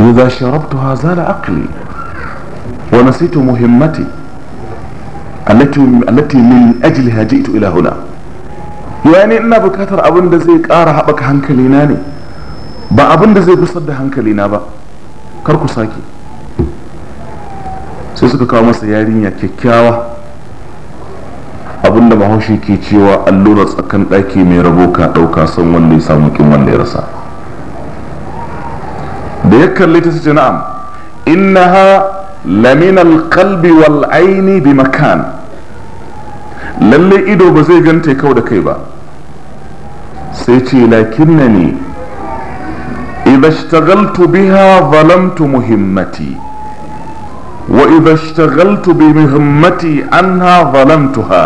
إذا شربتها زال عقلي ونسيت مهمتي التي التي من أجلها جئت إلى هنا يعني إن بكثر أبن دزيك آرى حبك هنكليناني ba abin da zai gusar da hankali ba kar ku sake sai suka kawo masa yarinya kyakkyawa abinda bahaushe ke cewa allurar tsakan ɗaki mai rabo ka ɗauka son wanda ya samu kin da ya kalle ta ce na'am innaha lamina alqalbi wal aini bi makan lalle ido ba zai ganta kau da kai ba sai ce lakinnani idza ishtagaltu biha zalamtu muhimmati wa idza ishtagaltu bi muhimmati anha zalamtuha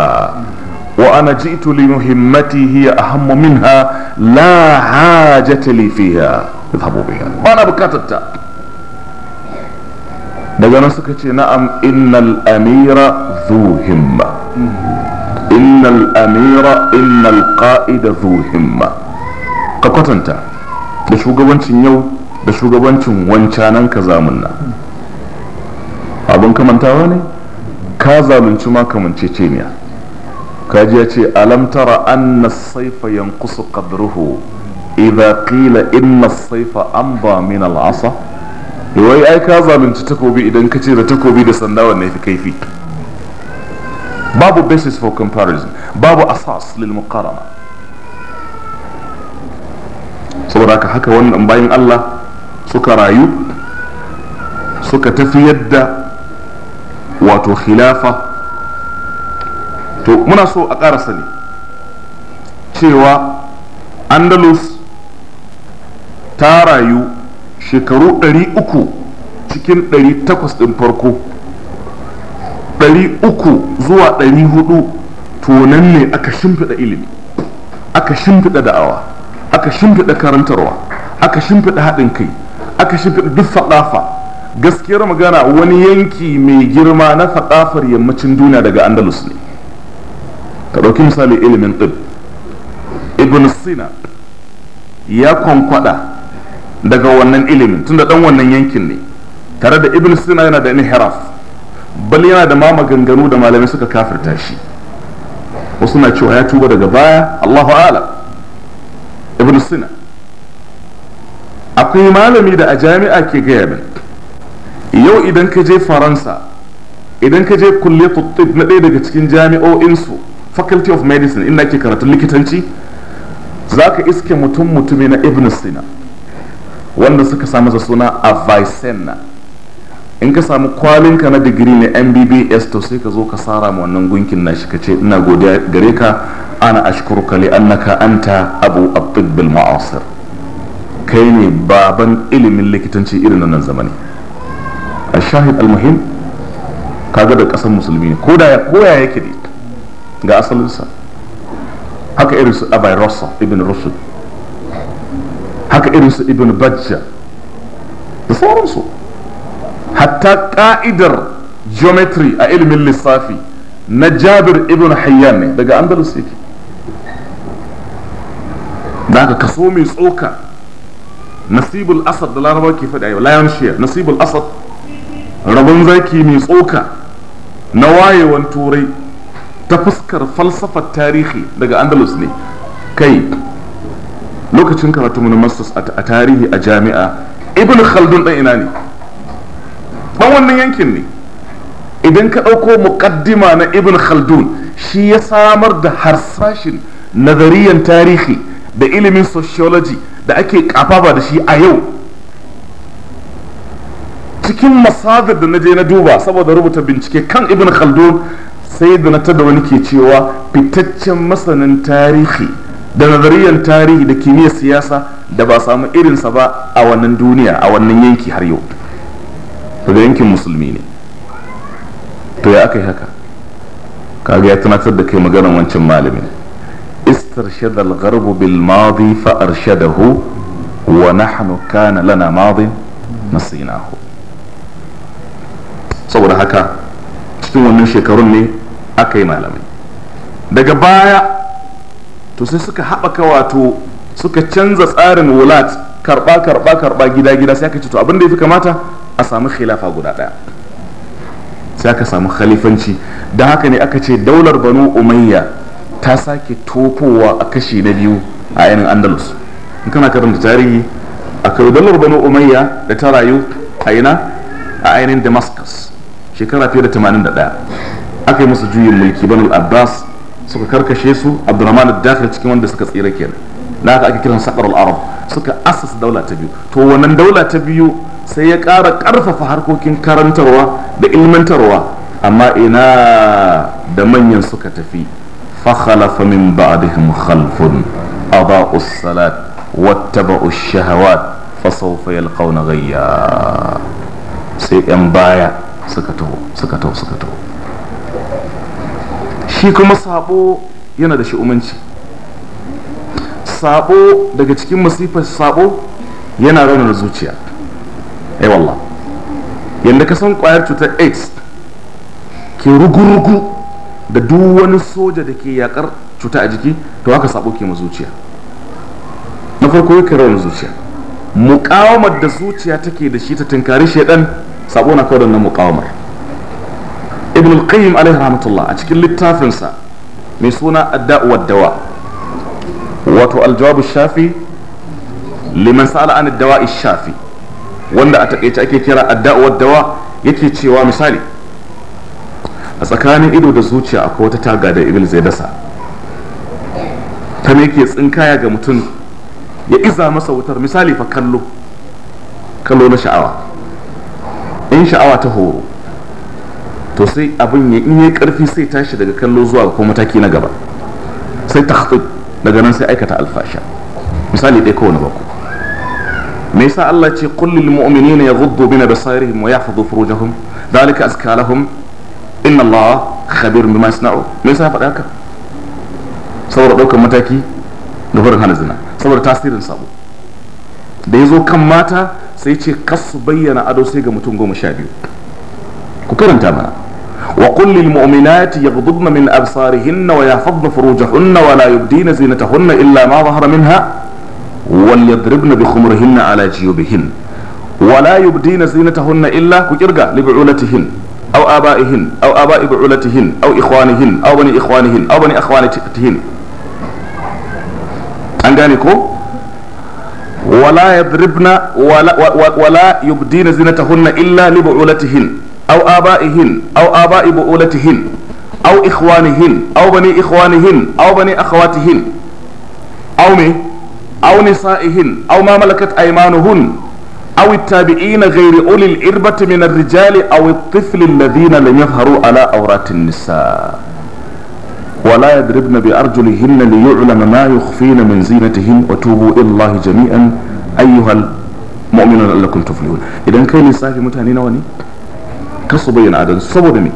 وأنا جئت لمهمتي هي أهم منها لا حاجة لي فيها daga nan suka ce na'am innal amira zu himma innal amira innal qa'ida zu himma ka kwatanta da shugabancin yau da shugabancin wancanan ka zamunna abin kamantawa ne ka zalunci ma ka kaji ya ce alam tara anna saifa yankusu qadruhu idza qila inna as-sayfa amba min al-asa wai ai ka zalunci takobi idan ka ce da takobi da sanda wannan yafi kaifi babu basis for comparison babu asas lil muqarana saboda haka haka wannan bayan Allah suka rayu suka tafi yadda wato khilafa to muna so a ƙara sani cewa andalus ta rayu shekaru 300 cikin 800 ɗin farko 300 zuwa 400 tonan ne aka shimfiɗa ilimi aka shimfiɗa da'awa aka shimfiɗa karantarwa aka shimfiɗa haɗin kai aka shimfiɗa duk faɗafa gaskiyar magana wani yanki mai girma na faɗafar yammacin duniya daga andalus ne ka ɗauki misali ilimin ɗin ibn sina ya kwankwada daga wannan ilimin tunda dan wannan yankin ne tare da ibn sina yana da inhiraf bal yana da ma maganganu da malamai suka kafirta shi wasu na cewa ya tuba daga baya Allahu a'lam ibn sina akwai malami da a jami'a ke gaya min yau idan ka je faransa idan ka je Kulli tuttub na ɗaya daga cikin jami'o'insu faculty of medicine inda ke karatun likitanci za ka iske mutum mutumi na ibn sina wanda suka samu masa suna avicenna in ka samu kwalinka na digiri ne mbbs to sai ka zo ka sara ma wannan gunkin nashi ka ce ina godiya gare ka ana ashkuruka li annaka anta abu abdul bil ma'asir kai ne baban ilimin likitanci irin nan zamani a shahid muhim kaga da kasan musulmi ne ko da koya yake ne ga asalinsa haka irin su abai ibn rusul haka irin su ibn bajja da sauransu hatta ka'idar geometry a ilimin lissafi na jabir ibn hayyan ne daga andalus yake da aka kaso mai tsoka nasibul asad da laraba ke faɗi a yau lion share nasibul asad rabon zaki mai tsoka na wayewan turai ta fuskar falsafar tarihi daga andalus ne kai lokacin karatu na masters a tarihi a jami'a ibn khaldun dan ina ne dan wannan yankin ne idan ka ɗauko muƙaddima na ibn khaldun shi ya samar da harsashin nazariyan tarihi da ilimin sociology da ake kafafa da shi a yau cikin masadar da na je na duba saboda rubuta bincike kan ibn khaldun sai da na tada wani ke cewa fitaccen masanin tarihi da nazariyar tarihi da kimiyyar siyasa da ba samu irinsa ba a wannan duniya a wannan yanki har yau daga yankin musulmi ne to ya aka yi haka kaga ya tunatar da kai maganar wancan malamin استرشد الغرب بالماضي فأرشده ونحن كان لنا ماض نسيناه saboda haka cikin wannan shekarun ne aka yi malamai daga baya to sai suka haɓaka wato suka canza tsarin wulat karɓa karɓa karɓa gida gida sai aka ce to abin da ya fi kamata a samu khilafa guda ɗaya sai aka samu khalifanci da haka ne aka ce daular banu umayya ta sake tofowa a kashi na biyu a yanin andalus in kana karanta tarihi akwai daular banu umayya da ta rayu a ina a ainihin damascus shekara fiye da 81 aka yi musu juyin mulki banu abbas suka karkashe su abdurrahman dakhil cikin wanda suka tsira kenan na haka ake kiran sakar al'arab suka asasa daula ta biyu to wannan daula ta biyu sai ya ƙara ƙarfafa harkokin karantarwa da ilmantarwa amma ina da manyan suka tafi fakhalafa min ba'dihim khalfun أضاءوا الصلاة واتبعوا الشهوات sai yan baya suka taho suka taho suka taho shi kuma sabo yana da shi'umanci sabo daga cikin masifar sabo yana raunar zuciya ai eh wallah yadda ka san kwayar cutar aids ke rugu-rugu da duk wani soja da ke yakar cuta a jiki to haka sabo ke ma zuciya na farko yake raunar zuciya muƙamar da zuciya take da shi ta tunkari shaidan sabo na kawai na muƙamar. ibn al-qayyim alaihi rahmatullah a cikin littafinsa mai suna adda'u dawa wato aljawabu shafi liman sa'ala an dawa shafi wanda a takaice ake kira adda'u dawa yake cewa misali a tsakanin ido da zuciya akwai wata taga da ibil zai dasa ta me tsinkaya ga mutum ya iza masa wutar misali fa kallo kallo na sha'awa in sha'awa ta horo to sai abin ya in yi karfi sai tashi daga kallo zuwa ko mataki na gaba sai ta daga nan sai aikata alfasha misali ɗaya kowane bako me yasa Allah ce qul lil mu'minina yaghuddu min absarihim wa yahfadhu furujahum dhalika azka lahum inna Allah khabir bima yasna'u me yasa faɗa haka saboda ɗaukar mataki da barin hana zina saboda tasirin sabo da ya zo kan mata sai ce kasu bayyana ado sai ga mutum goma sha biyu ku karanta mana وقل للمؤمنات يغضضن من أبصارهن ويحفظن فروجهن ولا يبدين زينتهن إلا ما ظهر منها وليضربن بخمرهن على جيوبهن ولا يبدين زينتهن إلا كجرقة لبعولتهن أو آبائهن أو آباء بعولتهن أو إخوانهن أو بني إخوانهن أو بني أخوانتهن أنجانيكو ولا يضربن ولا, ولا يبدين زينتهن إلا لبعولتهن أو آبائهن أو آباء بؤولتهن أو إخوانهن أو بني إخوانهن أو بني أخواتهن أو مي أو نسائهن أو ما ملكت أيمانهن أو التابعين غير أولي الإربة من الرجال أو الطفل الذين لم يظهروا على أورات النساء ولا يضربن بأرجلهن ليعلم ما يخفين من زينتهن وتوبوا إلى الله جميعا أيها المؤمنون لكم تفلحون إذا كان نساء في متهنين وني kan su bayyana adalci saboda me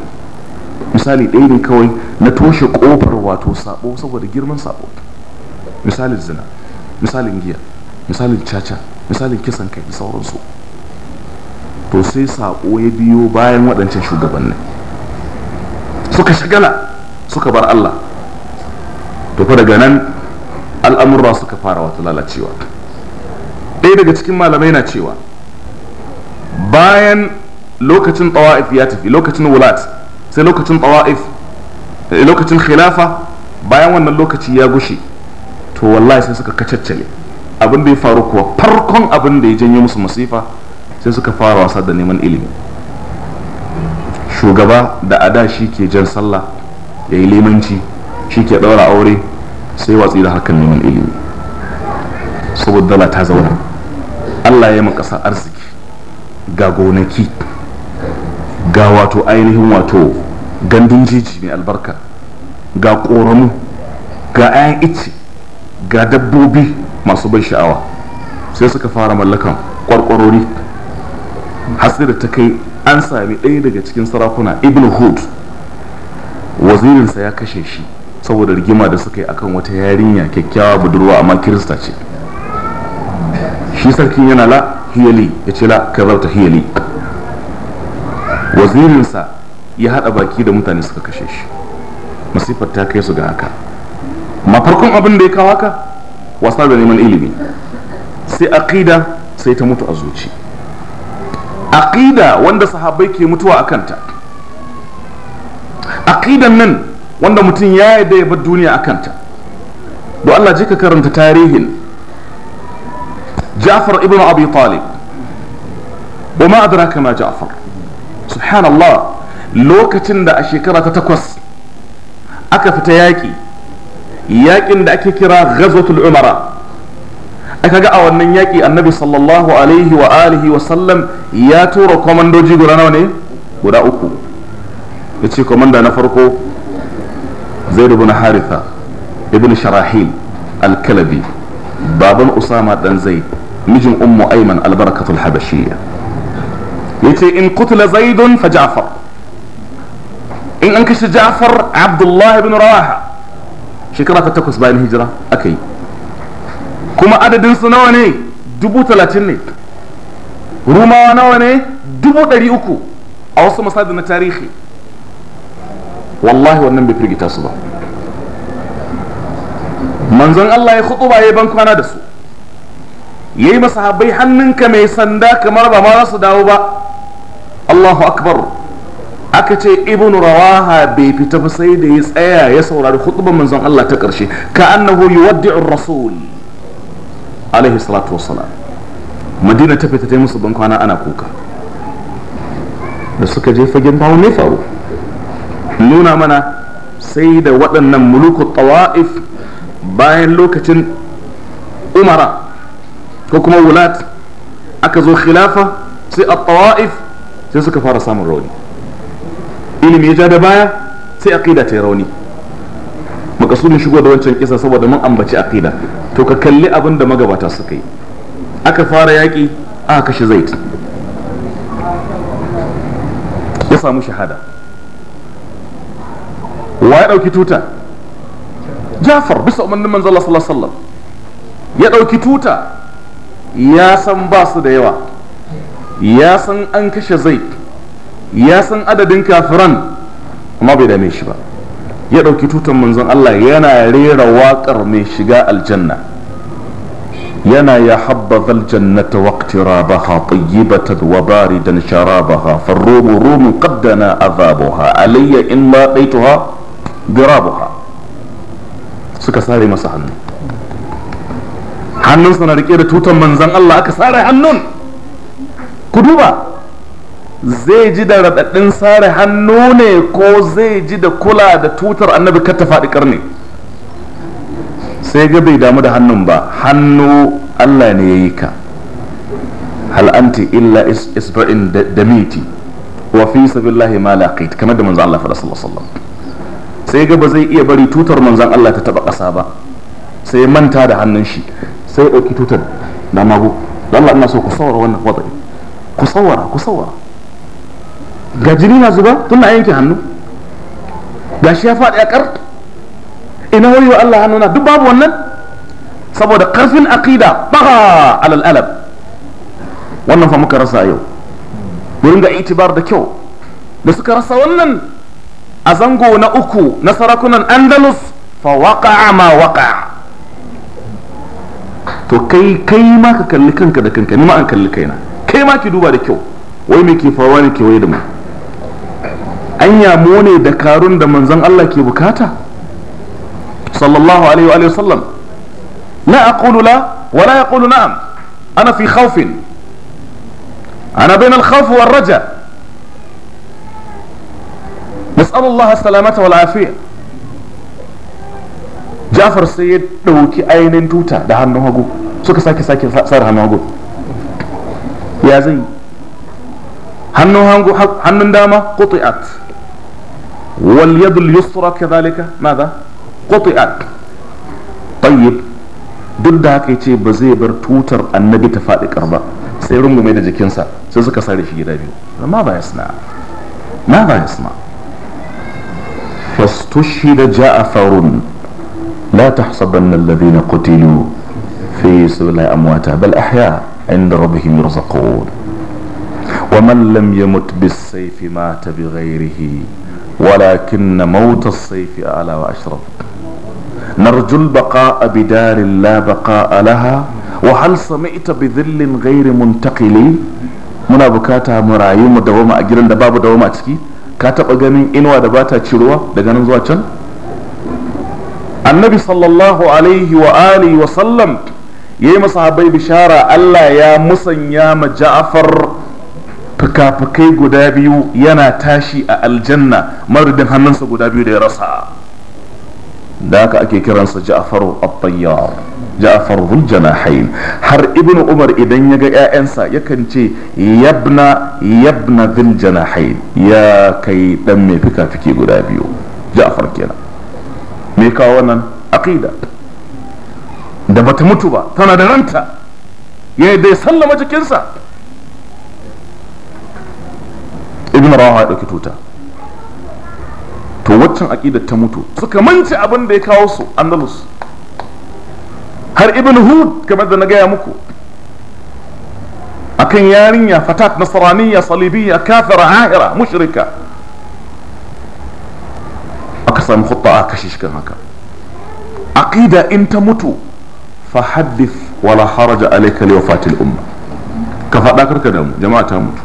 misali ɗaya ne kawai na toshe ƙofar wato sabo saboda girman sabo misalin zina misalin giya misalin caca misalin kisan kai da sauransu to sai sabo ya biyo bayan waɗancan shugabannin suka shagala suka bar Allah to fa daga nan al'amurra suka fara wata lalacewa ɗaya daga cikin malamai na cewa bayan lokacin tawa'if ya tafi lokacin wulat sai lokacin tawa'if eh, lokacin khilafa bayan wannan lokaci ya gushe to wallahi sai suka kacaccale abin da ya faru kuwa farkon abin da ya janyo musu masifa sai suka fara wasa da neman ilimi shugaba da ada shi ke jan sallah ya yi limanci shi ke ɗaura aure sai watsi da hakan neman ilimi saboda dala ta zauna allah ya yi ƙasa arziki ga gonaki ga wato ainihin wato gandun jiji mai albarka ga ƙoramu ga 'ya'yan ice ga dabbobi masu ban sha'awa sai suka fara mallakan kwarkwarori hatsi da ta kai an sami ɗaya daga cikin sarakuna ibn hud wazirinsa ya kashe shi saboda rigima da suka yi akan wata yarinya kyakkyawa budurwa amma kirista ce shi sarkin yana la hiyali ya ce la zarta hiyali wazirinsa ya haɗa baki da mutane suka kashe shi masifar ta kai su ga haka ma farkon abin da ya kawo haka wasa da neman ilimi sai aqida sai ta mutu a zuci aqida wanda sahabbai ke mutuwa a kanta aqidan nan wanda mutum ya yarda ya bar duniya a kanta do Allah ji ka karanta tarihin Ja'far ibn Abi Talib wa ma adraka ma Ja'far subhanallah lokacin da a shekara ta takwas aka fita yaƙi yaƙin da ake kira ghazwatul umara aka ga a wannan yaƙi annabi sallallahu alaihi wa alihi wa sallam ya tura kwamandoji guda nawa ne guda uku ya ce kwamanda na farko zai rubu na haritha ibn sharahil alkalabi baban usama dan zai mijin ummu aiman albarkatul habashiyya yace in kutula zaidun fa ja'far in an kashe ja'far abdullahi bin rawaha shekara ta takwas bayan hijira aka yi kuma adadin su nawa ne dubu talatin ne rumawa nawa ne dubu ɗari uku a wasu masadi na tarihi wallahi wannan bai firgita su ba manzon Allah ya ba ya ban kwana da su ya yi masahabai hannunka mai sanda kamar ba ma za su dawo ba Allahu akbar aka ce ibn rawaha bai fita ba sai da ya tsaya ya saurari hutubar manzon Allah ta karshe ka annahu yuwaddi'ur rasul alaihi salatu wassalam madina ta fita ta musu kwana ana kuka da suka je fagen bawo ne faru nuna mana sai da waɗannan muluku tawa'if bayan lokacin umara ko kuma wulat aka zo khilafa sai a tawa'if sai suka fara samun rauni ilimi ya ja da baya sai aqida ta yi rauni makasudin shigo da wancan kisa saboda mun ambaci aqida to ka kalli abin da magabata suka yi aka fara yaƙi aka kashe zait ya samu shahada wa ya ɗauki tuta jafar bisa umarnin manzo Allah sallallahu alaihi wasallam ya ɗauki tuta ya san ba su da yawa ya san an kashe zai ya san adadin kafiran amma bai dame shi ba ya ɗauki tutan manzon Allah yana rera waƙar mai shiga aljanna yana ya habba zal jannata waqti rabaha tayyibatan wa baridan sharabaha farrumu rumun qaddana ha alayya in ma daituha ha suka sare masa hannu hannunsa na rike da tutan manzan Allah aka sare hannun ku duba zai ji da raɗaɗin sare hannu ne ko zai ji da kula da tutar annabi kar ta faɗi ƙarni sai ga bai damu da hannun ba hannu Allah ne ya yi ka hal'anti illa isba'in da miti wa fi sabillahi ma laqit kamar da manzan Allah faɗa sallallahu alaihi sai ga ba zai iya bari tutar manzan Allah ta taba ƙasa ba sai manta da hannun shi sai ɗauki tutar da mago da Allah ina so ku saurara wannan wada'i ku saurara ku saurara ga jini na zuba tun na yanke hannu ga shi ya faɗi a ƙar ina wuri wa Allah hannuna duk babu wannan saboda ƙarfin aƙida baga alal alab wannan fa muka rasa yau wurin ga itibar da kyau da suka rasa wannan a zango na uku na sarakunan andalus fa waqa'a ma waqa'a to kai kai ma ka kalli kanka da kanka ni ma an kalli kaina kai ma ki duba da kyau wai me ke faruwa ne kewaye da mu anya mu ne da karun da manzon Allah ke bukata sallallahu alaihi wa sallam la aqulu la wa la yaqulu na'am ana fi khawfin أنا بين الخوف والرجاء نسأل الله السلامة والعافية jafar sai ya ɗauki ainihin tuta da hannun hagu suka sake sake sa hannun hagu ya zai hannun dama quti'at wal yadul yusra kadhalika madha quti'at tayyib duk da haka yace ba zai bar tutar annabi ta faɗi karba sai rungume da jikinsa sai suka sare shi gida biyu amma ba yasna ma ba yasna fastushhida ja'farun لا تحسبن الذين قتلوا في سبيل الله أمواتا بل أحياء عند ربهم يرزقون ومن لم يمت بالسيف مات بغيره ولكن موت السيف أعلى وأشرف نرجو البقاء بدار لا بقاء لها وهل سمعت بذل غير منتقل muna bukata مرايم rayu mu دباب a أتكي كاتب أغنين إنوا دباتا تشروا ka taba annabi sallallahu alaihi wa alihi wa sallam ya yi masahabai bishara Allah ya musanya ma ja'afar fuka-fukai guda biyu yana tashi a aljanna maridin hannunsa guda biyu da ya rasa da haka ake kiransa ja'afar at-tayyar ja'afar janahain har ibnu umar idan ya ga 'ya'yansa yakan ce yabna yabna dhul janahain ya kai dan mai fuka-fuki guda biyu ja'afar kenan me kawo wannan aqida da bata mutu ba tana da ranta ya dai sallama jikinsa ibn rawaha ya dauki tuta to waccan aqidar ta mutu suka manci abin da ya kawo su andalus har ibn hud kamar da na gaya muku akan yarinya fatat nasraniya salibiyya kafira ahira mushrika aka samu khutta aka kashe shi kan haka aqida in ta mutu fa haddith wala haraja alayka li wafatil umma ka faɗa karka damu jama'a ta mutu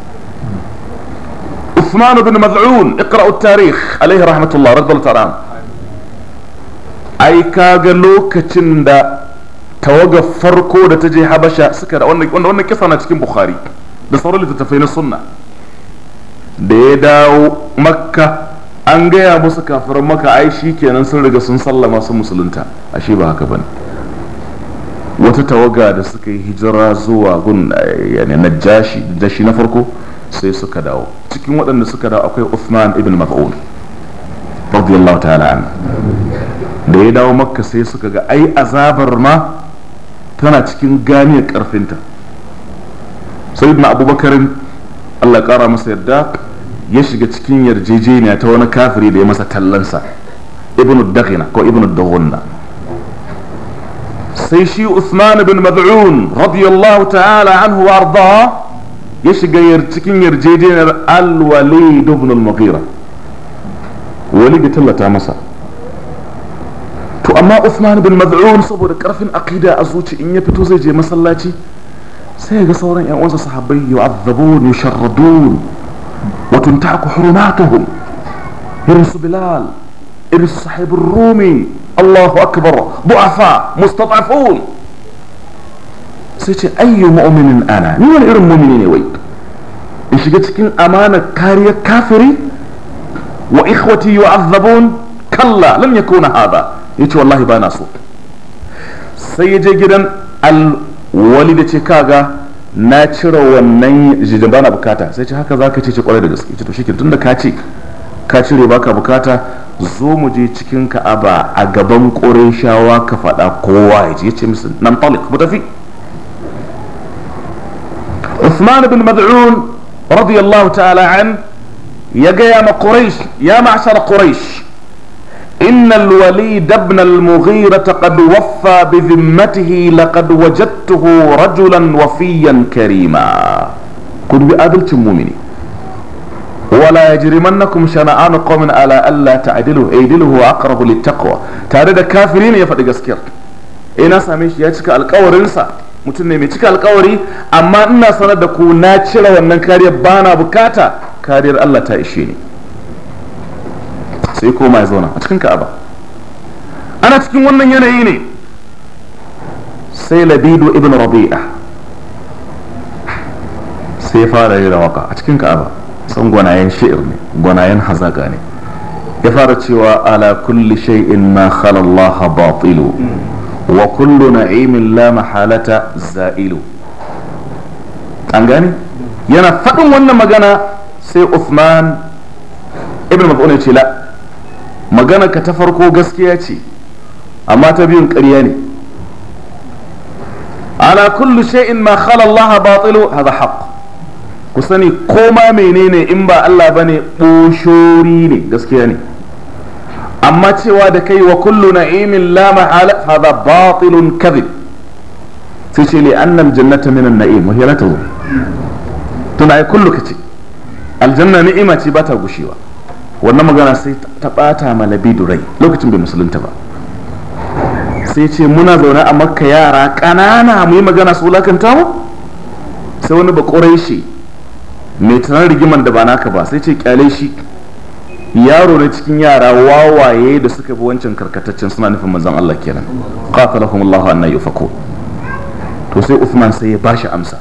Uthman ibn Maz'un iqra at-tarikh alayhi rahmatullah radiyallahu ta'ala ai kaga lokacin da tawaga farko da ta je Habasha suka da wannan wannan kisa na cikin Bukhari da sauran littattafai na sunna da ya dawo Makka an gaya musu kafar maka ai shi kenan sun riga sun sallama su musulunta ashe ba haka bane wata tawaga da suka yi hijira zuwa gun yani najashi jashi na farko sai suka dawo cikin waɗanda suka dawo akwai Uthman ibn Maf'ul radiyallahu ta'ala an da ya dawo makka sai suka ga ai azabar ma tana cikin ganiyar karfinta sai ibn abubakarin Allah ƙara masa yadda ya shiga cikin yarjejeniya ta wani kafiri da ya masa tallansa ibn daghina ko ibn daghunna sai shi Usman bin Mad'un radiyallahu ta'ala anhu wa ya shiga cikin yarjejeniyar al-Walid ibn al-Mughira walid tallata masa to amma Usman bin Mad'un saboda karfin aqida a zuci in ya fito zai je masallaci sai ga sauran yan uwansa sahabbai yu'azzabun yusharradun وتنتهك حرماتهم إرس بلال إرس صاحب الرومي الله أكبر ضعفاء مستضعفون سيتي أي مؤمن أنا ni wani irin mumini ne wai in shiga cikin amana kariyar kafiri wa ikhwati yu'adhabun kalla lam yakuna hada yace wallahi bana so sai ya je gidan alwalida ce kaga na cire wannan jijin ba bukata sai ce haka za ka ce ce kwarai da gaske ce to shi tun da ka ce ka cire baka bukata zo mu je cikin ka'aba a gaban ƙorin shawa ka fada kowa ya ce ya ce musu nan talik mu tafi usman bin Mad'un radiyallahu ta'ala an ya gaya ma Quraysh ya ma'ashar Quraysh إن الوليد بن المغيرة قد وفى بذمته لقد وجدته رجلا وفيا كريما كن بأدل مؤمني ولا يجرمنكم شنآن قوم على ألا تعدله أيدله أقرب للتقوى تارد كافرين يا فدي gaskiyar ina eh, same shi ya cika alkawarinsa mutum ne mai cika alkawari amma ina sanar da ku na cire wannan kariyar bana bukata kariyar Allah ta ishe ni sai koma ya zauna a cikin ka'aba ana cikin wannan yanayi ne sai labidu ibn rabi'a sai fara yi waka a cikin ka'aba san gwanayen shi'ir ne gwanayen hazaka ne ya fara cewa ala kulli shay'in ma khala Allah batilu wa kullu na'imin la mahalata za'ilu an gane yana faɗin wannan magana sai Uthman ibn Mab'un ya ce la magana ka ta farko gaskiya ce amma ta biyun ƙarya ne ala kullu shay'in ma khala Allah batilu hadha haqq ku sani koma menene in ba Allah bane boshori ne gaskiya ne amma cewa da kai wa kullu na'imin la mahala hadha batilun kadhib sai ce li annal jannata min an-na'im wa hiya la tuna ai kullu kace aljanna ni'ima ce ba ta gushewa wannan magana sai ta bata ma labidu rai lokacin bai musulunta ba sai ce muna zaune a makka yara kanana mu yi magana su wulakanta mu sai wani ba shi mai tunan rigiman da ba naka ba sai ce kyale shi yaro na cikin yara wawaye da suka bi wancan karkataccen suna nufin manzon Allah kenan qatalahum Allahu anna yufaku to sai Uthman sai ya bashi amsa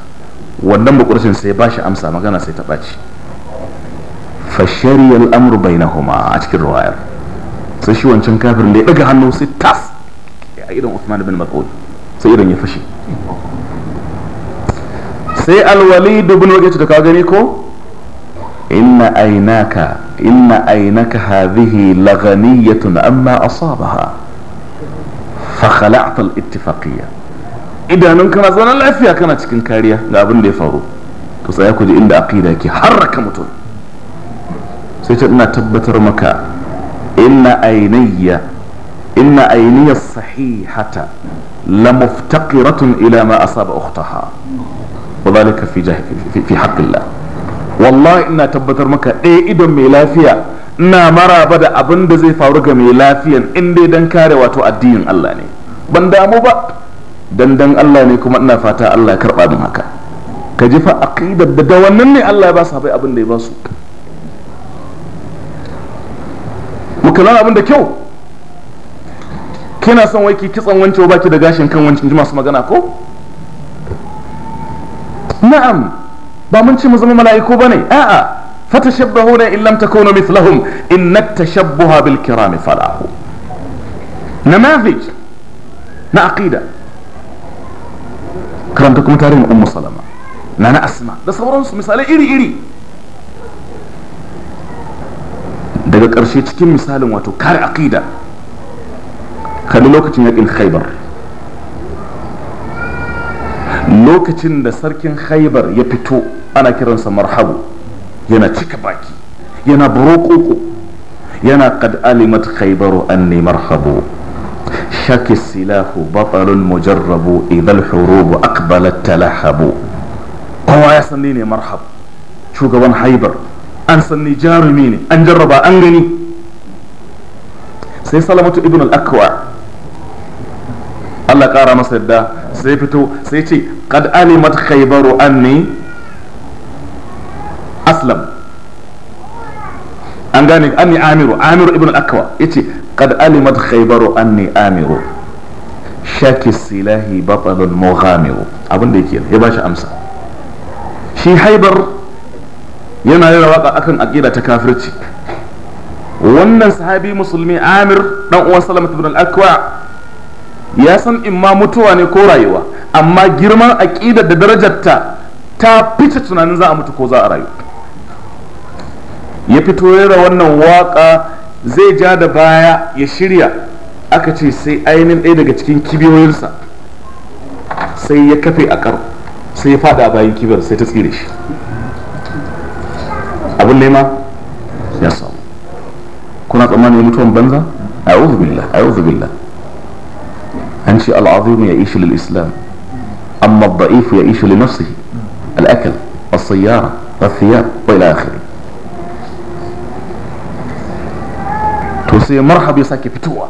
wannan ba sai ya bashi amsa magana sai ta baci. fashari al'amur bai na homa a cikin ruwayar sai shi wancan kafirin da ya ɗaga hannu sai tas a idan usman bin mas'ud sai idan ya fashe sai alwali dubin wajen da ka gani ko inna ainaka inna ainaka hadhihi laghaniyatun amma asabaha fa khala'ta al-ittifaqiyya idanun kana zanen lafiya kana cikin kariya ga abin da ya faru to sai ku ji inda aqida ke harraka mutum sai ce ina tabbatar maka ina ainiya inna ainiya sahihata la muftaqiratun ila ma asaba ukhtaha wa dhalika fi fi haqqillah wallahi ina tabbatar maka ɗaya idon mai lafiya ina maraba da abin da zai faru ga mai lafiyan in dai dan kare wato addinin Allah ne ban damu ba dan dan Allah ne kuma ina fata Allah ya karba min haka ka ji fa aqidar da da wannan ne Allah ya ba su abin da ya ba su ku kallon abin da kyau kina son wai ki kitsan wancan baki da gashin kan wancan ji masu magana ko na'am ba mun ci mu zama mala'iku bane a'a fatashabbahuna in lam takunu mithlahum inna tashabbuha bil kirami falahu namathij na aqida karanta kuma tarihin ummu salama na na asma da sauransu misalai iri iri daga ƙarshe cikin misalin wato kare aƙida kalli lokacin yaƙin khaibar lokacin da sarkin khaibar ya fito ana kiransa marhabu yana cika baki yana barokoko yana qad alimat khaibaru anni marhabu shaki silahu batalul mujarrabu idal hurubu aqbalat talahabu kowa ya san ne marhab shugaban haibar an sanni jarumi ne an jarraba an gani sai salamatu ibn al-akwa Allah kara masa yadda sai fito sai ce kad alimat khaybaru anni aslam an gane anni amiru amiru ibn al-akwa yace kad alimat khaybaru anni amiru shaki silahi batalul mughamiru abinda yake ya bashi amsa shi haibar yana yin waka akan aqida ta kafirci wannan sahabi musulmi amir dan uwan salama ibn al aqwa ya san imma mutuwa ne ko rayuwa amma girman aqidar da darajarta ta fice tunanin za a mutu ko za a rayu ya fito rera wannan waka zai ja da baya ya shirya aka ce sai ainin ɗaya daga cikin kibiyoyinsa sai ya kafe a karo sai ya fada bayan kibiyar sai ta tsire shi abun nema ya samu kuna tsammanin mutuwan banza a'udhu billah a'udhu billah an ce al'azim ya ishi lil islam amma da'if ya ishi li nafsihi al-akal as-sayyara والثياب ila اخره to sai marhab ya sake fitowa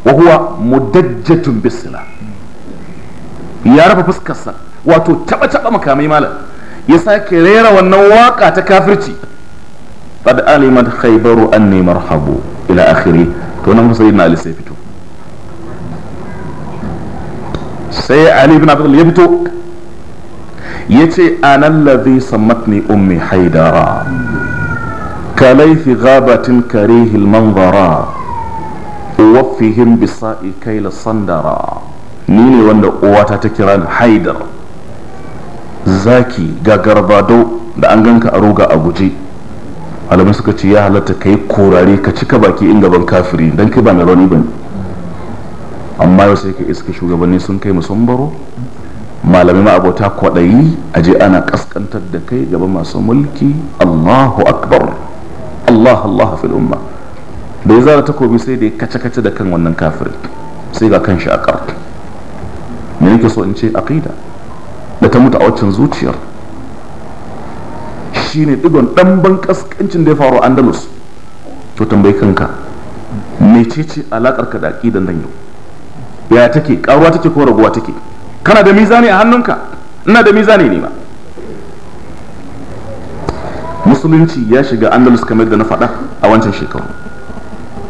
wa huwa mudajjatun bisila ya rufe fuskarsa wato taba taba makamai malam ya sake rera wannan waka ta kafirci qad alimat khaybaru anni habu ila akhiri to nan musayid na ali sai fito sai ali ibn abdul ya fito yace anan ladhi sammatni ummi haidara kalai fi ghabatin karihi almanzara uwaffihim bisa'i kayla sandara ni ne wanda uwata ta kira haidar. zaki ga garbado da an ganka a roga a guje alamun suka ce ya halatta ka yi korare ka cika baki in gaban kafiri don kai ba na rauni bane amma yau sai ka iska shugabanni sun kai musumbaro baro ma abota kwaɗayi a je ana kaskantar da kai gaban masu mulki allahu akbar allah allah fil umma da ya zara takobi sai da ya kace-kace da kan wannan kafirin sai ga kan shi a ƙarfi me nake so in ce aqida da ta mutu a waccan zuciyar shi ne digon ɗanban ƙasƙancin da ya faru andalus to tambayi kanka mecece alaƙar ka da aƙidan nan yau ya take ƙaruwa take ko raguwa take kana da mizani a hannunka ina da mizani ne ma musulunci ya shiga andalus kamar da na faɗa a wancan shekaru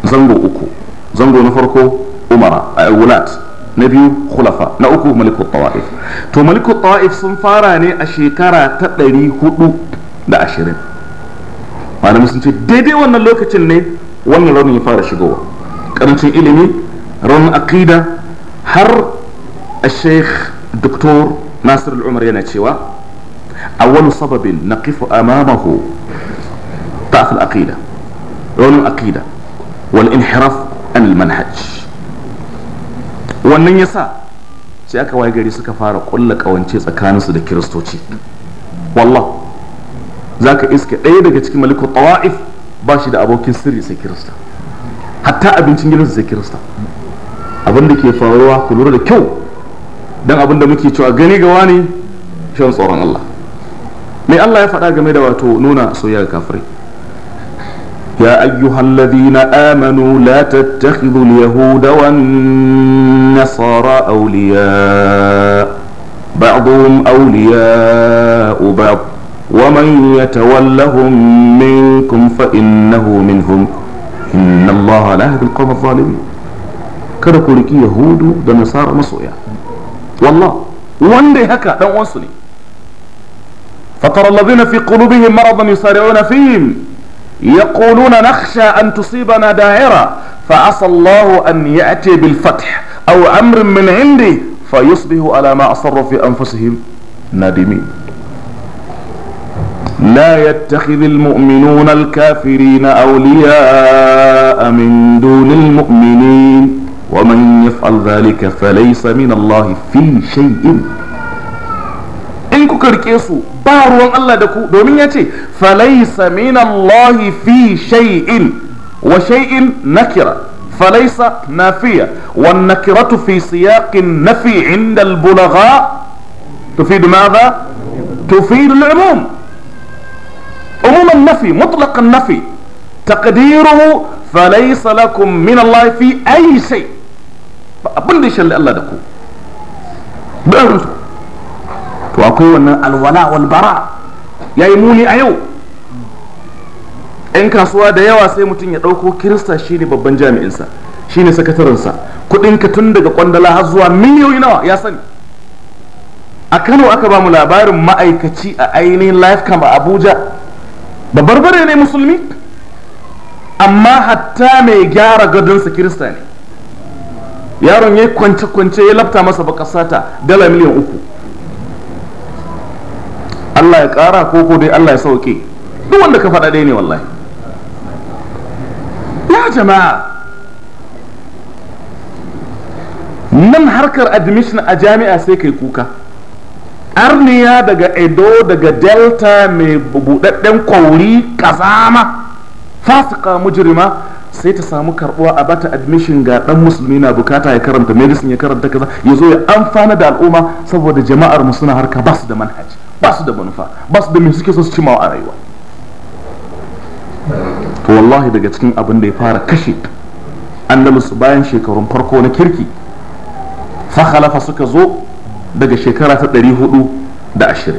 zango uku zango na farko umara a wulat na biyu khulafa na uku maliku to maliku sun fara ne a shekara ta ɗari hudu da ashirin malamai sun ce daidai wannan lokacin ne wannan raunin ya fara shigowa karancin ilimi raunin akida har a sheikh doktor nasir al'umar yana cewa awwalu sababin na kifu amamahu ta'af al'aqida raunin akida wal inhiraf an al manhaj wannan ya sa sai aka waye gari suka fara kulla kawance tsakaninsu da kiristoci wallah za ka iska ɗaya daga cikin maliku tawa'if ba shi da abokin sirri sai kirista hatta abincin gidansu sai kirista abin da ke faruwa ku lura da kyau don abin da muke cewa gani ga wani shan tsoron Allah mai Allah ya faɗa game da wato nuna soyayya kafirai يا أيها الذين آمنوا لا تتخذوا اليهود والنصارى أولياء بعضهم أولياء بعض ومن يتولهم منكم فإنه منهم إن الله لا يهدي القوم الظالمين كركوا لك يهود ونصارى da nasara masoya wallah wanda الذين في قلوبهم مرضا يصارعون فيهم يقولون نخشى أن تصيبنا دائرة فعسى الله أن يأتي بالفتح أو أمر من عندي فيصبحوا على ما أصروا في أنفسهم نادمين لا يتخذ المؤمنون الكافرين أولياء من دون المؤمنين ومن يفعل ذلك فليس من الله في شيء in kuka rike su ba ruwan Allah da ku domin ya ce falaisa minallahi fi shay'in wa shay'in nakira falaisa nafiya wan nakiratu fi siyaqin nafi inda albulagha تفيد ماذا تفيد العموم عموم النفي مطلق النفي تقديره فليس لكم من الله في أي شيء abin da ya shalle Allah da ku to akwai wannan alwala wal bara yi muni a yau yan kasuwa da yawa sai mutum ya ɗauko kirista shine babban jami'insa shi shine sakatarinsa kuɗin ka tun daga kwandala har zuwa miliyoyi nawa ya sani a kano aka ba mu labarin ma'aikaci a ainihin life camp a abuja babbar bare ne musulmi amma hatta mai gyara gadonsa kirista ne yaron ya kwance-kwance ya lafta masa bakasata dala miliyan uku Allah ya kara ko ko dai Allah ya sauke duk wanda ka faɗa ɗaya ne wallahi ya jama'a nan harkar admission a jami'a sai kai kuka arniya daga edo daga delta mai buɗaɗɗen kwauri kazama fasika mujirima sai ta samu karɓuwa a bata admission ga ɗan musulmi na bukata ya karanta medicine ya karanta kaza ya zo ya amfana da al'umma saboda jama'ar mu suna harka basu da manhaji ba su da manufa ba su da mai suke so su cimawa a rayuwa to wallahi daga cikin abin da ya fara kashe andalus bayan shekarun farko na kirki Fa khalafa suka zo daga shekara ta 420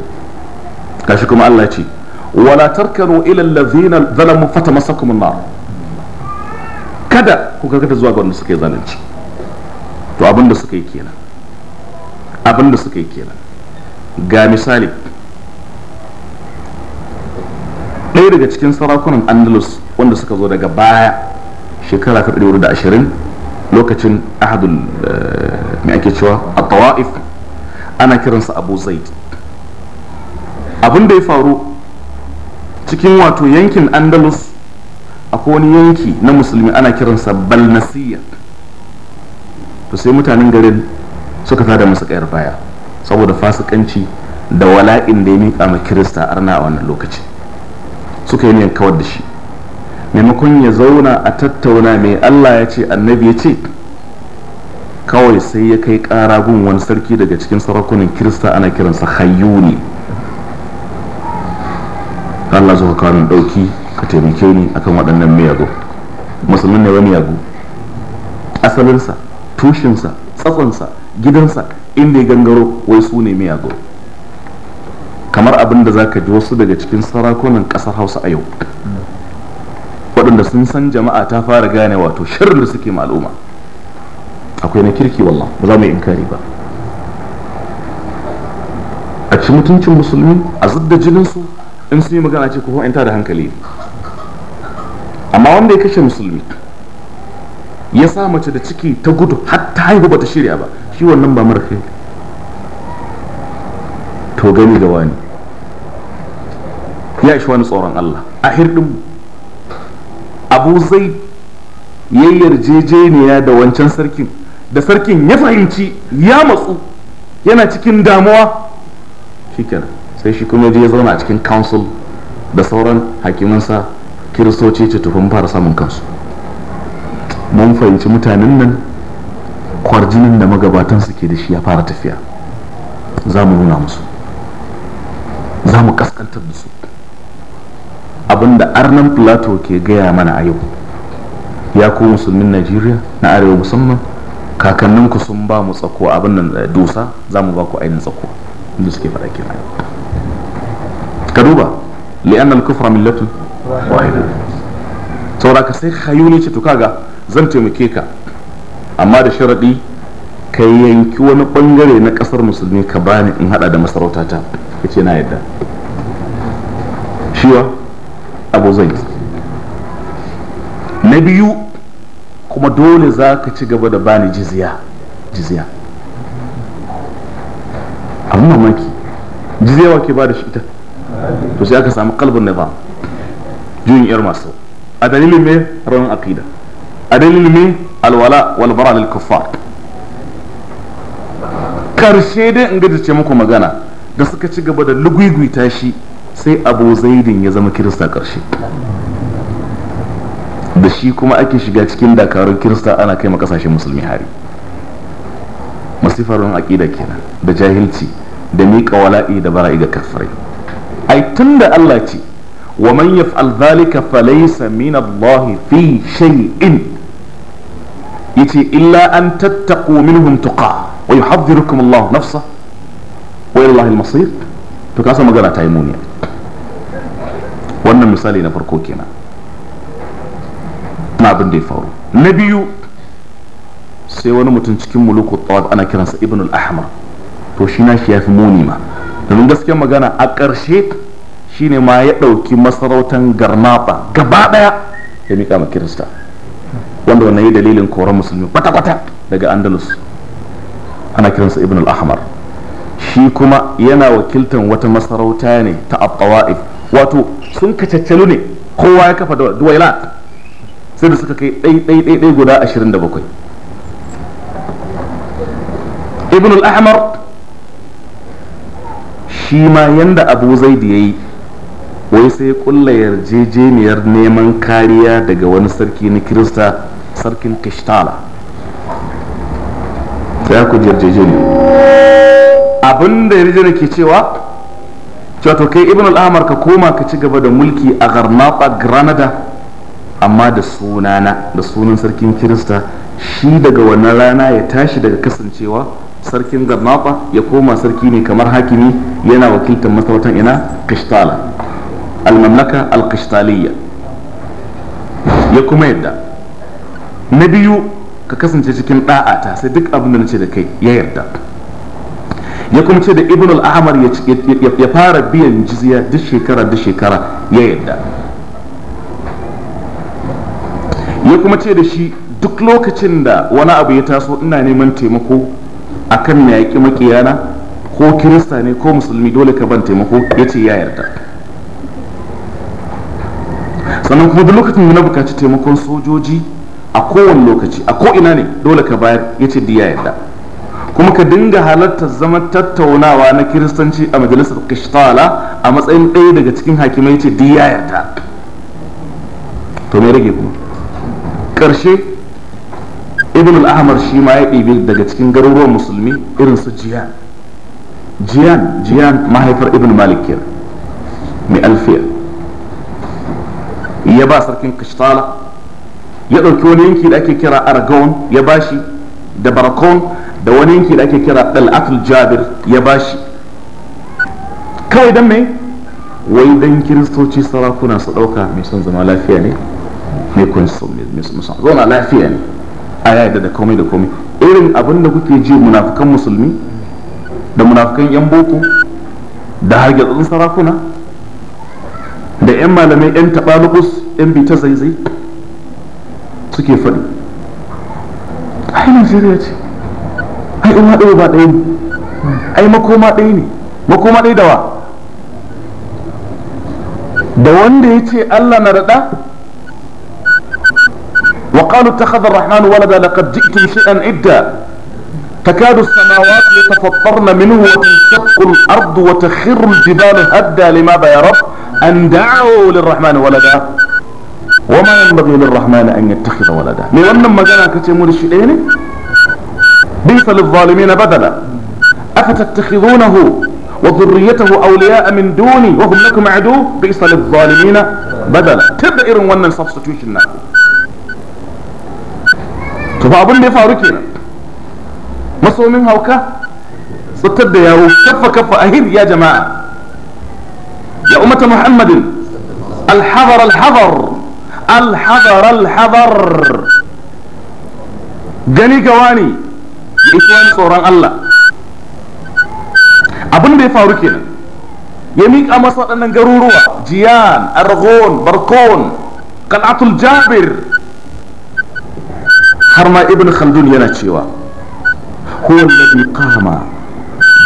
gashi kuma Allah ya ce wala tarkanu ila allazina zalamu fatamasakum an-nar kada ku gargada zuwa ga wanda suka yi zalunci to abin suka yi kenan abin suka yi kenan ga misali ɗaya daga cikin sarakunan andalus wanda suka zo daga baya shekara ta ɗaya da ashirin lokacin ahadul eh, mai ake cewa a tawa'if ana kiransa abu zaid abin da ya faru cikin wato yankin andalus akwai wani yanki na musulmi ana kiransa balnasiya to sai mutanen garin suka tada masa kayar baya saboda fasikanci da wala'in da ya miƙa ma kirista arna a wannan lokacin. suka yi niyan kawar da shi maimakon ya zauna a tattauna mai Allah ya ce annabi ya ce kawai sai ya kai ƙara gun wani sarki daga cikin sarakunan kirista ana kiransa hayyuni Allah zuwa kawo ɗauki ka taimake ni akan waɗannan miyagu musulmin ne wani yago asalinsa tushinsa tsatsonsa gidansa inda ya gangaro wai su ne miyagu kamar abin da zaka ji wasu daga cikin sarakunan kasar hausa a yau waɗanda sun san jama'a ta fara gane wato shirin da suke maluma akwai na kirki wallah ba za mu yi inkari ba a ci mutuncin musulmi a zidda jininsu in sun yi magana ce ko ta da hankali amma wanda ya kashe musulmi ya sa mace da ciki ta gudu har ta haihu bata shirya ba shi wannan ba mara kai to gani ga wani ya shi wani tsoron Allah a hirɗin abu zai ya yarjejeniya da wancan sarkin da sarkin ya fahimci ya matsu yana cikin damuwa shikenan sai shi kuma je ya zauna a cikin council da sauran hakimansa kiristoci ce tufin fara samun kansu mun fahimci mutanen nan kwarjinin da magabatan suke da shi ya fara tafiya za mu nuna musu za mu kaskantar da su abinda arnan plato ke gaya mana a yau ya ku musulmin najeriya na arewa musamman kakanninku sun ba mu tsako abin nan dusa za mu ba ku ainihin tsako inda suke faɗa kenan ka duba li'an al-kufra millatun wahida saura ka sai hayuni ce tuka ga zan taimake ka amma da sharaɗi ka yanki wani ɓangare na ƙasar musulmi ka bani in hada da masarautata Ka ce na yadda shiwa abu zai na biyu kuma dole za ka ci gaba da bani jizya jizya abu mamaki jizya wake ba da shi ita to sai aka samu kalbin na ba juyin yar masu a dalilin mai ranar akida a dalilin mai alwala bara lil kuffar karshe dai in gaji ce muku magana da suka ci gaba da lugwigwita shi sai abu zaidin ya zama kirista ƙarshe da shi kuma ake shiga cikin dakarun kirista ana kai makasashen musulmi hari masifarin aƙida kenan da jahilci da miƙa wala'i da bara'i ga kafirai ai tun da Allah ce wa man yaf'al dhalika falaysa min Allah fi shay'in yace illa an tattaqu minhum tuqa wa yuhadhdhirukum Allah nafsa wayar ilallahi masir to kasa magana ta yi muni wannan misali na farko kenan na abin da ya faru na biyu sai wani mutum cikin muluku tsawad ana kiransa ibn al-ahmar to shi na shi ya fi muni ma domin gaskiyar magana a ƙarshe shi ne ma ya ɗauki masarautar garmaba gaba ɗaya ya miƙa ma kirista wanda wannan yi dalilin koran musulmi kwata-kwata daga andalus ana kiransa ibn al-ahmar shi kuma yana wakiltan wata masarauta ne ta abqawa'i wato sun kacaccalu ne kowa ya kafa duwaila sai da suka kai ɗai guda ashirin da bakwai ibn al-ahmar shi ma yanda abu zaidi ya yi wai sai kulla yarjejeniyar neman kariya daga wani sarki na kirista sarkin kishtala ta ku yarjejeniyar abinda da ke cewa cewa kai ibn al'amar ka koma ka ci gaba da mulki a garnata granada amma da sunana da sunan sarkin kirista shi daga wannan rana ya tashi daga kasancewa sarkin garnata ya koma sarki ne kamar hakimi yana wakiltar masarautar ina kishtala al-mamlaka ya kuma yadda na biyu ka kasance cikin ɗa'ata sai duk abin da na ce da kai ya yarda ya kuma ce da ibn al-ahmar ya fara biyan jiziya duk shekara duk shekara ya yadda ya kuma ce da shi duk lokacin da wani abu ya taso ina neman taimako akan na yaƙi makiyana ko kirista ne ko musulmi dole ka ban taimako ya ce ya yarda sannan kuma duk lokacin da na bukaci taimakon sojoji a kowane lokaci a ko ina ne dole ka bayar ya ce ya yarda kuma ka dinga halartar zama tattaunawa na kiristanci a majalisar kishtala a matsayin ɗaya daga cikin hakimai ce duk yarda to me rage kuma ƙarshe ibn al-ahmar shi ma ya ɗibi daga cikin garuruwan musulmi irin su jiyan jiyan jiyan mahaifar ibn malik mai alfiya ya ba sarkin kishtala ya ɗauki wani yanki da ake kira argon ya bashi da barakon da wani yanki da ake kira dal'atul jabir ya bashi kawai dan mai wai dan kiristoci sarakuna su dauka mai son zama lafiya ne mai kun son lafiya ne a yadda da komai da komai irin abin da kuke ji munafukan musulmi da munafukan yan boko da hargitsin sarakuna da yan malamai yan tabalukus yan bita zaizai suke faɗi a yi nigeria ce ai in haɗe ba ɗaya ne ai makoma ɗaya ne makoma ɗaya da wa da wanda ya ce Allah na daɗa wa qalu ittakhadha ar-rahmanu walada laqad ji'tum shay'an idda تكاد السماوات يتفطرن منه وتنشق الأرض وتخر الجبال هدا لماذا يا رب أن دعوا للرحمن ولدا وما ينبغي للرحمن أن يتخذ ولدا لأن ما جانا كتمون الشيء بئس للظالمين بدلا أفتتخذونه وذريته أولياء من دوني وهم لكم عدو بئس للظالمين بدلا تبدأ إرن wannan substitution na to ba abin da ya faru kenan masomin hauka tsattar da yawo يا أمة محمد الحذر الحذر الحذر الحذر جني جواني ya fi wani tsoron Allah abin da ya faru kenan ya miƙa masa waɗannan garuruwa jiyan argon barkon kal'atul jabir har ma ibn khaldun yana cewa huwa alladhi qama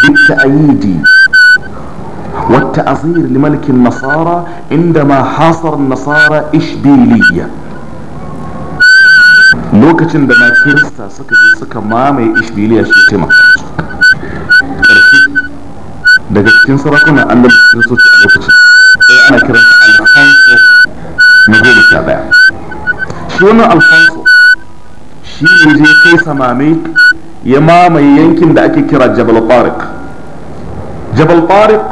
بالتأييد والتأثير nasara inda ma hasar nasara إشبيلية lokacin da na kirista suka je suka mamaye ishbiliya shi tema daga cikin sarakunan annabi soci a lokacin sai ana kiransa alfonso na goma sha daya shi wannan alfonso shi ne je kai samame ya mamaye yankin da ake kira jabal tariq jabal tariq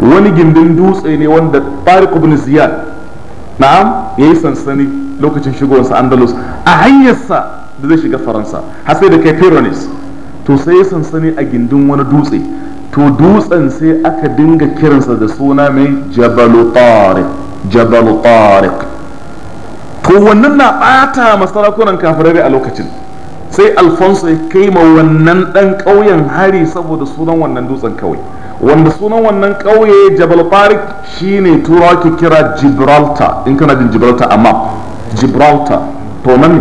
wani gindin dutse ne wanda tariq ibn ziyad na'am yayi sansani lokacin shigowarsa andalus a hanyarsa da zai shiga faransa har sai da kai pyrenees to sai sansani a gindin wani dutse to dutsen sai aka dinga kiransa da suna mai jabalu tariq jabalu tariq to wannan na bata masarakunan kafirai a lokacin sai alfonso ya kai ma wannan dan ƙauyen hari saboda sunan wannan dutsen kawai wanda sunan wannan ƙauye jabal farik shine turawa ke kira gibraltar in kana jin gibraltar a map gibraltar to nan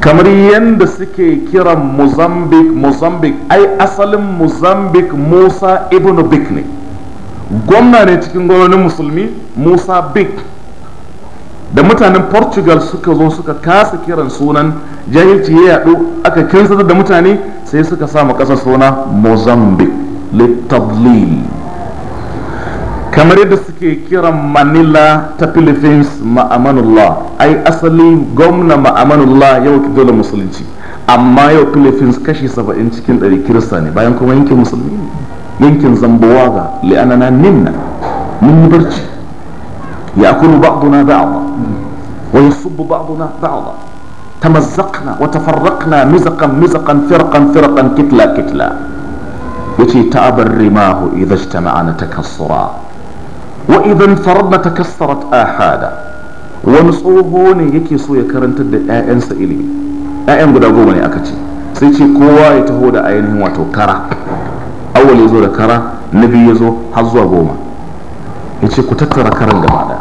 kamar yadda suke kiran mozambique mozambique ai asalin mozambique musa ibn bik ne gwamna ne cikin gwamnonin musulmi musa bik da mutanen portugal suka zo suka kasa kiran sunan jahilci ya yadu aka kinsa da mutane sai suka sama kasar suna mozambik littablil kamar yadda suke kiran manila ta philippines ma'amanullah ai asali gwamna ma'amanullah yau dole musulunci amma yau philippines kashi saba'in cikin ɗari kirista ne bayan kuma yankin musulmi yankin zambowa ga li'anana ninna mun yi barci ya kuru ba'duna ba'da wa yasubbu ba'duna ba'da tamazzaqna wa tafarraqna mizaqan mizaqan firqan firqan kitla kitla yace ta'abar rimahu idha ijtama'ana takassura wa idan farda a hada wani tsoho ne yake so ya karanta da 'ya'yansa ilimi 'ya'yan guda goma ne aka ce sai ce kowa ya taho da ainihin wato kara awal ya zo da kara na biyu ya zo har zuwa goma ya ce ku tattara karan gaba daya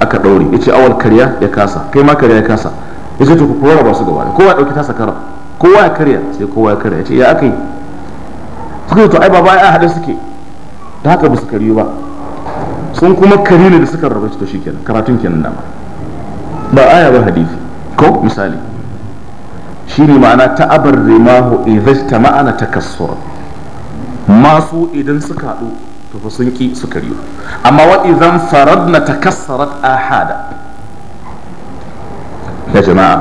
aka ɗaure ya ce awal karya ya kasa kai ma karya ya kasa ya ce to ku kora ba su gaba kowa ya ɗauki tasa kara kowa ya karya sai kowa ya karya ya ce ya aka yi suka yi to ai baba ai a haɗe suke da haka ba su karyu ba in kuma kare ne da suka raba to shikenan karatun kenan dama ba aya ba hadisi ko misali shine ma'ana ta'abar rimahu idza ma'ana takassura masu idan suka haɗu to fa sun ki suka riyo amma wa idan faradna takassarat ahada ya jama'a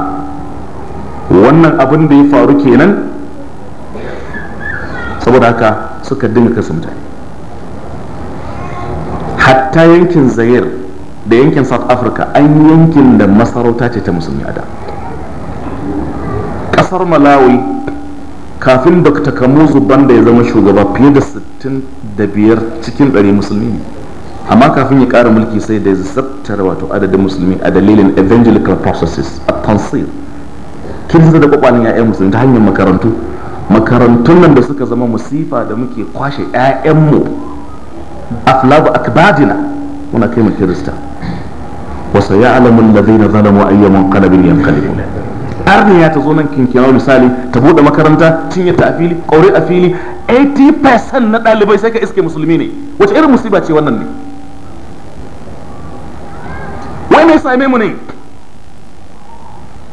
wannan abin da ya faru kenan saboda haka suka dinga kasance hatta yankin zayir da yankin south africa an yankin da masarauta ce ta musulmi a da kasar malawi kafin dr kamuzu banda ya zama shugaba fiye da 65 cikin 100 musulmi ne amma kafin ya ƙara mulki sai da ya zartar wato adadin musulmi a dalilin evangelical processes a tansir kin da kwakwalin 'ya'yan musulmi ta hanyar makarantu makarantun nan da suka zama musifa da muke kwashe 'ya'yanmu aflabu akbadina muna kai mu kirista ya wa sayalamu na zalamu ayyamun qalbin yanqalibun arniya ta zo nan kinkiyar misali ta bude makaranta cinye ta a fili kaure a fili 80% na ɗalibai sai ka iske musulmi ne wace irin musiba ce wannan ne wai mai same mu ne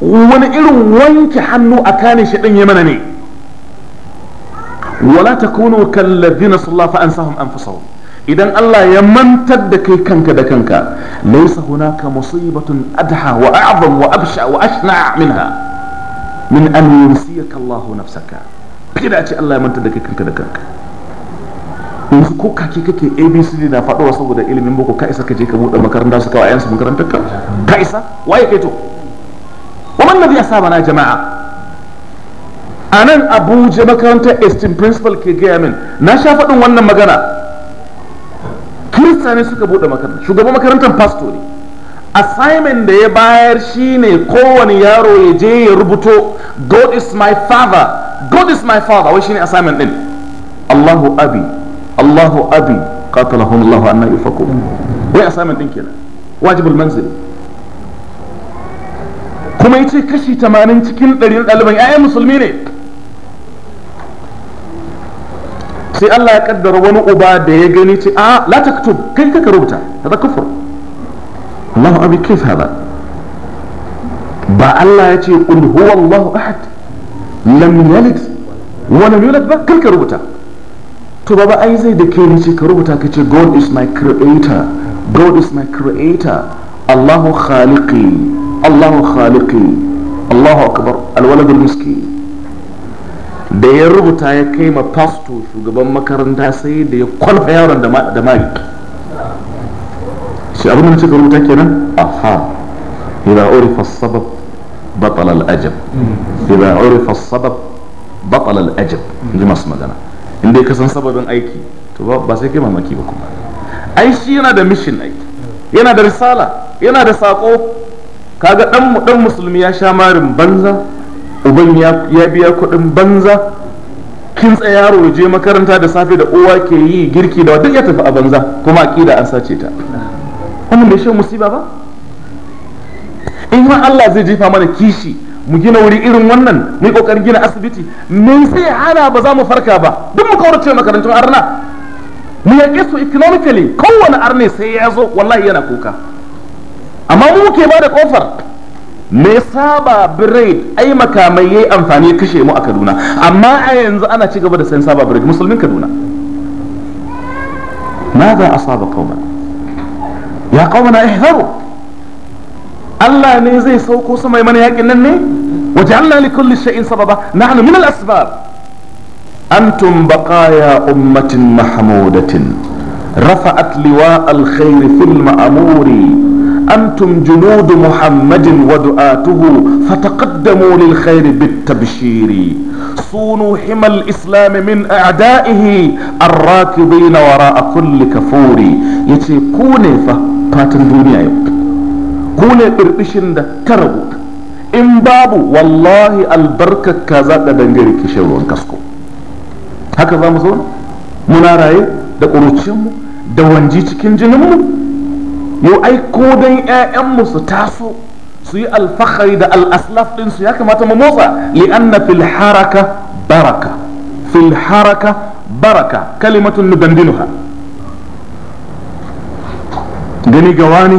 wani irin wanke hannu a kanin shi din mana ne wala ta takunu kallazina sallafa ansahum anfusahum idan Allah ya mantar da kai kanka da kanka laysa hunaka musibatun adha wa a'zam wa absha wa ashna minha min an Allah nafsaka kida ce Allah ya mantar da kai kanka da kanka ko kake kake abcd na faɗowa saboda ilimin boko ka isa ka je ka buɗe makaranta su kawai yansu makarantar ka ka isa waye kai to wa man ladhi asabana jama'a Anan abuja makarantar esteem principal ke gaya min na sha faɗin wannan magana kirista ne suka buɗe makaranta, shugaban makarantar pasto ne assignment da ya bayar shi shine kowane yaro ya je ya rubuto god is my father god is my father wai shine assignment din allahu abi allahu abi qatalahum allah anna yufaku wai assignment din kenan wajibul manzil kuma yace kashi 80 cikin 100 ɗaliban ƴaƴan musulmi ne sai Allah ya kaddara wani uba da ya gani ce a ah, la taktub kai ka rubuta hada kufur Allahu abi kif hada ba Allah ya ce qul huwallahu ahad lam yalid wa lam yulad ba kai ka rubuta to baba ai zai da ke ni ka rubuta ka ce God is my creator God is my creator Allahu khaliqi Allahu khaliqi Allahu akbar alwalad almiskin da ya rubuta ya kai ma pasto shugaban makaranta sai da ya kwalfa yaron da mari shi abin da cika rubuta kenan aha idza urifa sabab batala al-ajab idza urifa sabab batala al Ji inji masu magana Inda ya san sababin aiki to ba sai kai mamaki ba kuma ai shi yana da mission aiki yana da risala yana da sako kaga dan dan musulmi ya sha marin banza uban ya biya kuɗin banza kintsa yaro ya je makaranta da safe da uwa ke yi girki da duk ya tafi a banza kuma aƙida an sace ta wannan bai shi musiba ba in ma Allah zai jefa mana kishi mu gina wuri irin wannan mu kokarin gina asibiti me sai hana ba za mu farka ba duk mu kaurace makarantun arna mu yaƙe su economically kowane arne sai ya zo wallahi yana kuka amma mu ke ba da kofar me saba braid ai makamai yayi amfani ya kashe mu a Kaduna amma a yanzu ana ci gaba da sayan saba braid musulmin Kaduna ماذا أصاب قومنا يا قومنا احذروا الله ne zai sauko sama mana yakin nan ne وجعلنا لكل شيء na نحن من الأسباب antum بقايا ummatin mahamudatin رفعت لواء الخير في المأمور أنتم جنود محمد ودعاته فتقدموا للخير بالتبشير صونوا حمى الإسلام من أعدائه الراكضين وراء كل كفور يتي كوني فاتن دنيا يوم كوني برقشن ده كربو إن بابو والله البركة كذا دنجري كشيرون كسكو هكذا مصور منا رأي ده قروتشمو da wanji cikin jininmu Yau ai ko dan mu su taso su yi alfahari da al'aslaf din su ya kamata mu motsa li'anna fil haraka baraka fil haraka baraka kalimatun nubandinuha gani ga wani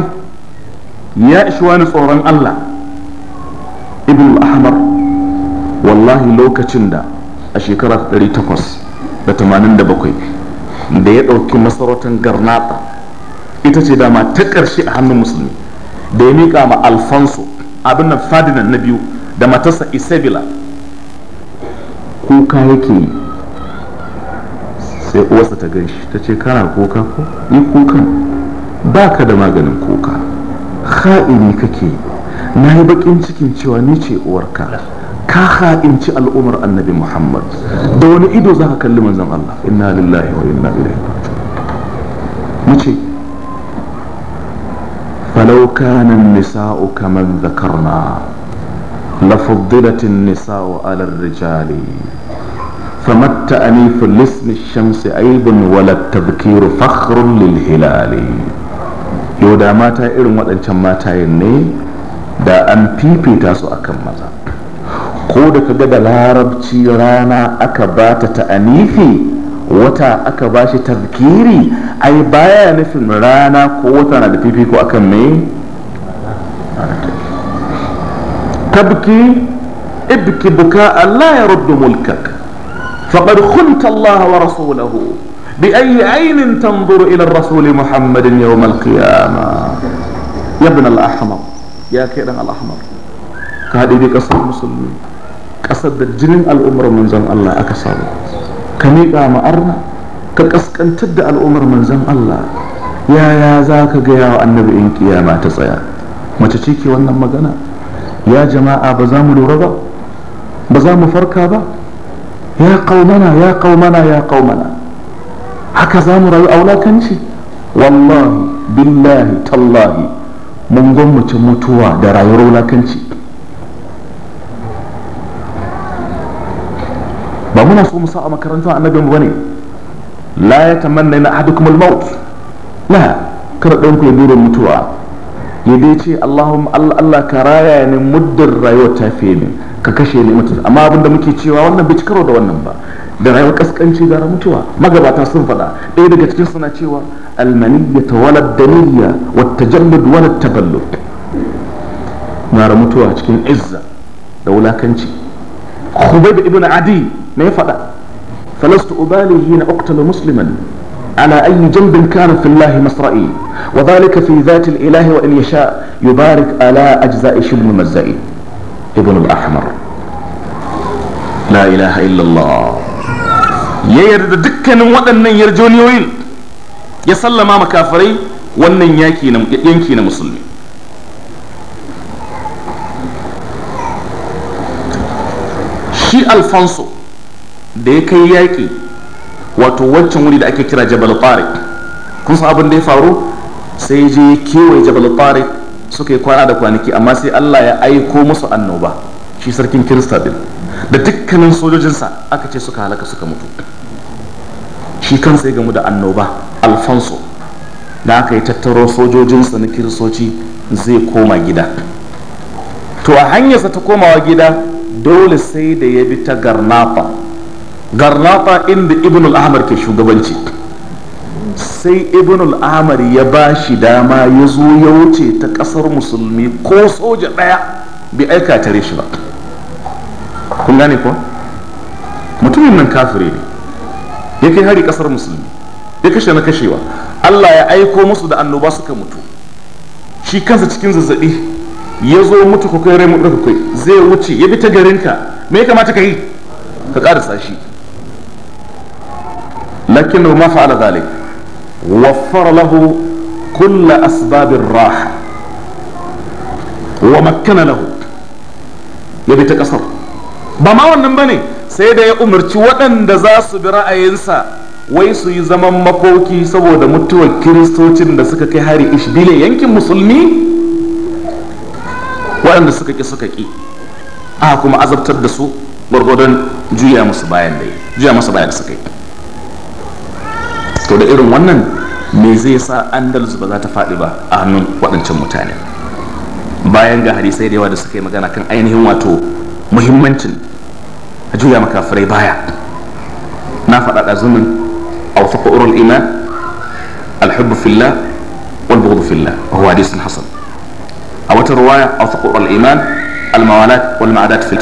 ya ishi wani tsoron Allah ibn ahmar wallahi lokacin da a shekara 887 da ya ɗauki masarautar garnata ita ce dama ta ƙarshe a hannun musulmi da ya miƙa ma alfonso abin nan fadinan na biyu da matarsa isabila kuka yake yi sai uwarsa ta gan shi ta ce kana kuka ko yi kukan ba ka da maganin kuka ha'ini kake yi na yi bakin cikin cewa ni ce uwarka ka ha'inci al'umar annabi muhammad da wani ido za ka kalli manzon allah inna lillahi wa inna ilaihi mu فلو كان النساء كما ذكرنا لفضلت النساء على الرجال فما التأنيف لاسم الشمس عيب ولا التذكير فخر للهلال yau da mata irin waɗancan matayen ne da an fifita su akan maza ko da ga da larabci rana aka bata ta'anifi wata aka ba shi tazkiri ai baya nufin rana ko wata na da fifiko akan me tabki ibki buka Allah ya ruddu mulkak faqad khunta Allah wa rasulahu bi ayi aynin tanzuru ila rasul Muhammad yawm al qiyama ya ibn al-ahmar ya kai dan al-ahmar ka hade kasar musulmi kasar da jinin al al'ummar manzon Allah aka samu ka miƙa ma'arna ka ƙasƙantar da al'ummar manzan Allah yaya za ka gaya wa annabi in kiyama ta tsaya mace ce ke wannan magana ya jama'a ba za mu lura ba ba za mu farka ba ya kaumana ya kaumana ya kaumana haka za mu rayu a wulakanci wallahi billahi tallahi mun gwamnati mutuwa da rayuwar wulakanci muna so mu a makarantar annabin mu bane la ya tamanna na ahadukum al-maut la kar dan ku mutuwa ya dai ce Allahumma Allah ka raya ni muddin rayuwa ta fi ni ka kashe ni mutu amma abinda muke cewa wannan bai karo da wannan ba da rayuwar kaskanci gara mutuwa magabata sun faɗa ɗaya daga cikin suna cewa almaniyya ta walar daniyya wata jallud walar taballud ra mutuwa cikin izza da wulakanci khubayb ibn adi ne ya faɗa falastu ubali hi na uktalu musliman ala ayi jan kana fi llahi masra'i wa dhalika fi dhati ilahi wa in yasha yubarik ala ajza'i shibn mazza'i ibn al-ahmar la ilaha illa ya yarda dukkanin waɗannan yarjoniyoyin ya sallama makafarai wannan yaki na yanki na musulmi shi alfanso. da ya kai yaƙi wato wancan wuri da ake kira jabal tariq kun san abin da ya faru sai je kewaye jabal tariq suka yi kwana da kwanaki amma sai Allah ya aiko musu annoba shi sarkin kirista din da dukkanin sojojinsa aka ce suka halaka suka mutu shi kansa ya gamu da annoba alfonso da aka yi tattaro sojojinsa na kiristoci zai koma gida to a hanyarsa ta komawa gida dole sai da ya bi ta garnafa garrafa inda ibn al-ahmar ke shugabanci sai ibn al-ahmar ya ba shi dama ya zo ya wuce ta kasar musulmi ko soja ɗaya bai aika tare shi ba kun gane ko mutumin nan kafire ne ya kai hari kasar musulmi ya kashe na kashewa Allah ya aiko musu da annoba suka mutu shi kansa cikin zazzabi ya zo mutu kwakwai rai mutu kwakwai zai wuce ya bi ta garinka me ya kamata ka yi ka ƙarasa shi لكنه ما فعل ذلك وفر له كل أسباب الراحة ومكن له يبي تكسر بما wannan bane sai da ya umarci waɗanda za su bi ra'ayinsa wai su yi zaman makoki saboda mutuwar kiristocin da suka kai hari ishbile yankin musulmi waɗanda suka ƙi suka ƙi a kuma azabtar da su gwargwadon juya musu bayan da juya musu bayan suka yi to da irin wannan me zai sa andalus ba za ta faɗi ba a hannun waɗancan mutane bayan ga hadisai da yawa da suka yi magana kan ainihin wato muhimmancin a juya makafirai baya na faɗa ɗazumin aufaƙa urul iman alhubbu fillah wal bughdu fillah wa huwa hadisun hasan a wata ruwaya wasu urul iman الموالات والمعادات fil